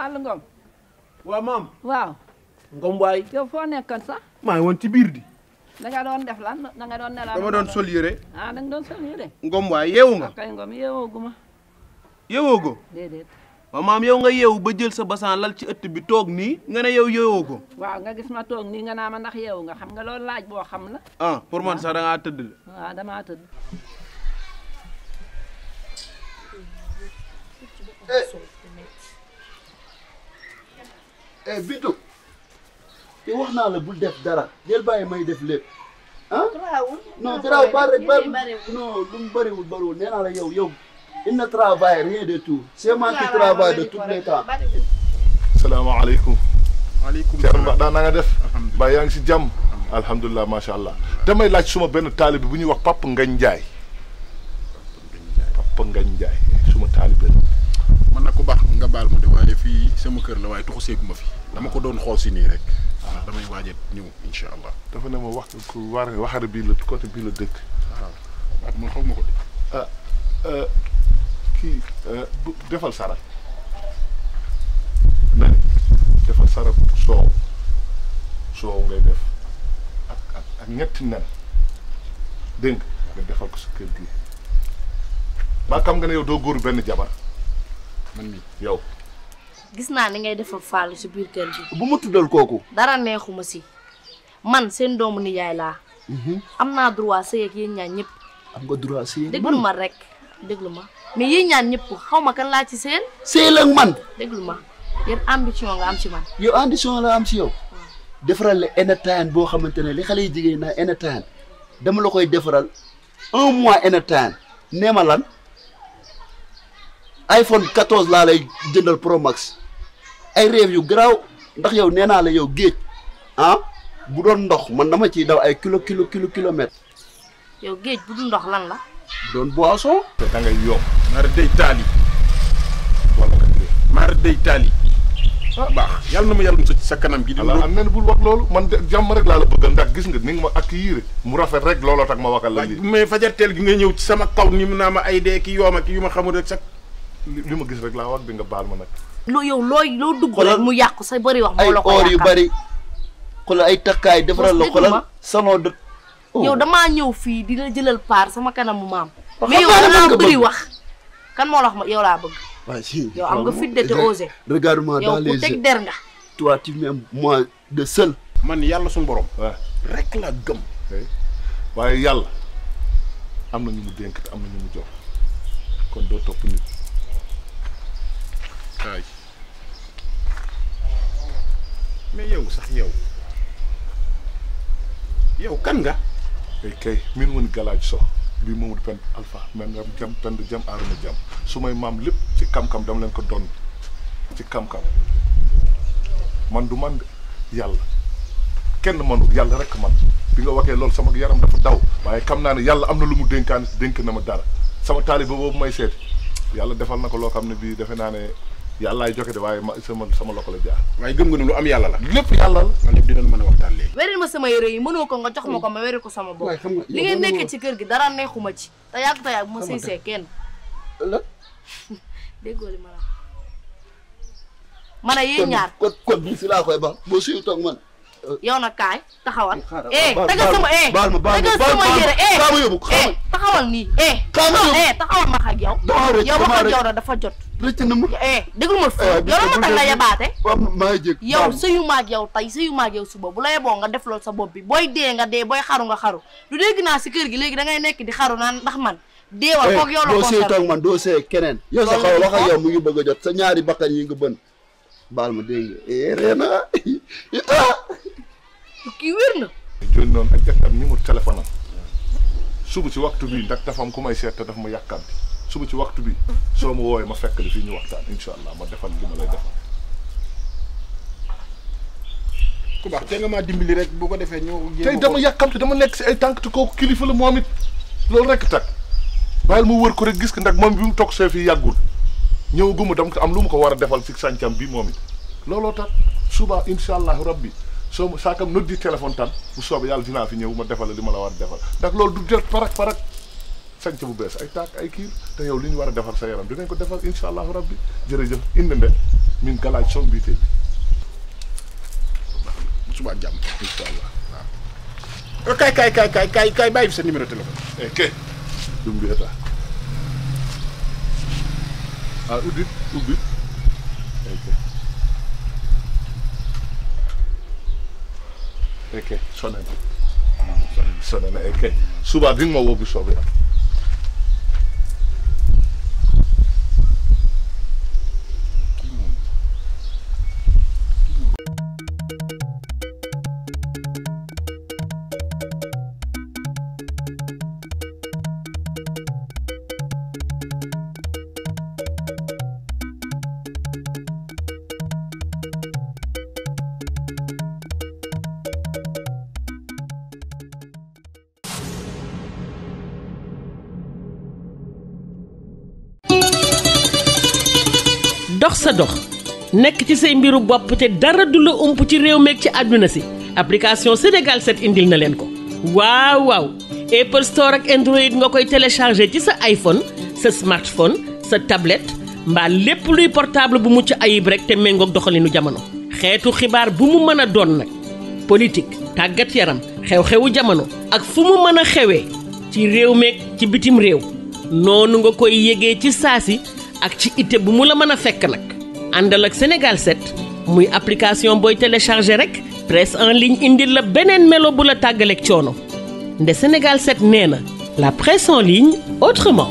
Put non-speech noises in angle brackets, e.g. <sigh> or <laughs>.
Fallou Ngom. waaw maam. waaw. Ngom waay. yow foo nekkoon sax. maa ngi woon ci biir di. da doon def lan da nga doon nelaw. dama doon sol yére. ah da nga doon sol yére. Ngom waay yeewu nga. Ah, kay Ngom yeewooguma. yeewoogo. yow nga yeewu ba jël sa basan lal ci ëtt bi toog nii nga ne yow yeewoo ko. waaw nga gis ma toog nii nga naa ma ndax yeewu nga xam nga loolu laaj boo xam la. ah pour man ah. sa da tëdd la. Ah, eh Bintu te wax naa la bul def dara jël bàyyi may def lépp ah. non dara baal rek baal non lu mu bëriwul bëriwul nee yow yow il ne travaille rien de tout. c'est moi qui travaille maaleykum salaam na nga def. ba yaa ngi si jàmm. alhamdulilah macha allah damay laaj suma benn taalibe bu ñuy wax Papa Ngagne Ndiaye. Papa Ngagne Ndiaye suma taalibe man nag ku baax nga baal ma de waaye fii sama kër la waaye tuxu seegu ma fi dama ko doon xool si nii rek waaw damay waajet ñëw incha allah dafa ne ma wax ku waar waxare bii la côté bii la dëkk waaw waaw xaw ma ko ah, euh, kii euh, defal sara na defal sara soow soow ngay def ak ak ñetti nen dégg nga defal ko sa kër gi maa xam nga ne yow doo góor benn jabar man mi yow. gis naa ni ngay defal Fallou si biir kër gi. bu ma tuddal kooku. dara neexuma si man seen doomu nijaay laa. Mhm. am naa droit sëy ak yéen ñaan ñëpp. am nga droit sëy ak man ma rek déglu ma mais yéen ñaan ñëpp xaw ma kan laa ci seen. sëy la ak man. déglu ma yéen ambition nga am ci man. yow ambition la am si yow. Hmm. defaral la entertain boo xamante ne li xale yi jigéen naa entertain dama la koy defaral un mois entertain nee iPhone 14 laa lay jëndal Pro ay réew yu garaaw ndax yow nee naa la yow géej ah bu doon ndox man dama ciy daw ay kilo kilo kilo kilomètre. yow géej bu dul ndox lan la. doon boisson. te da ngay yomb. maar day taali wala maar day taali ah baax yàlla na ma yàlla mos sa kanam gi. di am nen bul wax loolu man de jàmm rek laa la bëgg ndax gis nga ni ma ak yii mu rafet rek looloo tax ma waxal la lii. mais fajarteel gi nga ñëw ci sama kaw ni mu naa ma ay dee ki yoom ak yu ma xamul rek li ma gis rek laa wax bi nga baal ma nag. loo yow looy loo dugg rek mu yàqu sa bari wax. moo la ko ay or yu bëri. ay takkaay defaral la xoolal sanoo dë. Oh. yow dama ñëw fii di la jëlal paar sama kanam mu maam. mais yow dangaa wax. kan moo wax ma yow laa bëgg. waaw si yow am nga fit de te osé. regarde-moi dans les yeux yow ku de seul. man yàlla suñu borom. waaw rek laa gëm. waaye yàlla am na ñu mu dénk te am na ñu mu jox kon doo topp nit. xaay mais yow sax yow yow kan nga ey kay min woni galaaj so mbi mamadou pend alpha man ngam jam pend jam aaruma jam su may maam lépp ci kam-kam dama leen ko doon ci kam-kam man du man yàlla kenn manul yàlla rek man bi nga waxee loolu sama yaram dafa daw waaye xam naa ne yàlla am na lu mu dénkaan dénk na ma dara sama taaliba boobu may seet yàlla defal na ko loo xam ne bii defe naa ne yàllaay joxe de waaye ma sama sama loxo la jaar. waaye gëm nga lu am yàlla la. lépp yàlla la. man lépp dinañ mën a waxtaan ma sama yére yi mënoo ko nga jox ma ko ma weri ko sama bopp. li ngeen nekkee ci kër gi dara neexuma ci. te yàgg ma sëy see kenn. la. <laughs> déggoo li ma la. ma ñaar code code bi fi laa koy ba boo siy toog man. yow na kaay taxawal. eh tagal sama eh. baal ma baal ma baal ma ma yóbbu xaaral taxawal nii. xaaral eh taxawal ak yow. yow wax dafa jot. rëcc na ma eh déglu ma fi. ma tax nga yabaate. maa yow sëyu ma ak yow tey sëyu ma ak yow suba bu la yeboo nga def loolu sa bopp bi booy dee nga dee booy xaru nga xaru lu dégg naa si kër gi léegi da ngay nekk di xaru naa ndax man. deewal foog yow la ko doo see man doo see keneen. yow sa xaw wax ak yow mu ngi bëgg a jot sa ñaari bakkan yi nga bën baal ma dégg nga eh, reena ah. <laughs> kii wér na. jël noonu ak defar numéro téléphone am suba ci waxtu bi ndax dafa am ku may seet te daf ma yàkkaam bi ci waxtu bi soo ma woowee ma fekk li fii ñu waxtaan incha allah ma defal li ma lay defal. ku baax te nga maa dimbali rek bu ko defee ñu. tey dama yàkkamte dama nekk si ay tànk te kooku kilifa la moom it loolu rek tak bàyyil ma wër ko rek gis ko ndax moom bi mu toog see fii yàggul. ñëw guma dam am lu ma ko war a defal fi sàncam bi moom it looloo tax suba incha rab bi soo mu saakam noddi téléphone tan bu soob yàlla dinaa fi ñëw ma defal la li ma la war a defal ndax loolu du def parak parak sànc bu bees ay taak ay kii te yow li ñu war a defal sa yaram dinañ ko defal incha allahu rabbi jërëjëf indi nde min galaaj som bii tey suba jàmm incha allah waaw. Eh, kay kay kay kay kay bàyyi fi sa numéro téléphone. ok. Eh, Ja, ubbit, ubbit. Eke. Eke, Suba, bring more wobi sobe. dox sa dox nekk ci say mbiru bopp te dara du la ump ci réew meek ci àdduna si application Sénégal set indil na leen ko waaw waaw Apple Store ak Android nga koy télécharger ci sa iPhone sa smartphone sa tablette mbaa lépp luy portable bu mucc ayib rek te méngoog doxalinu jamono xeetu xibaar bu mu mën a doon nag politique tàggat yaram xew-xewu jamono ak fu mu mën a xewee ci réew meeg ci bitim réew noonu nga koy yégee ci saa si ak ci ité bu mu la mën a fekk nag àndal ak Sénégal 7 muy application booy téléchargé rek presse en ligne indil la beneen melo bu la tàggaleek coono nde Sénégal 7 nee na la presse en ligne autrement.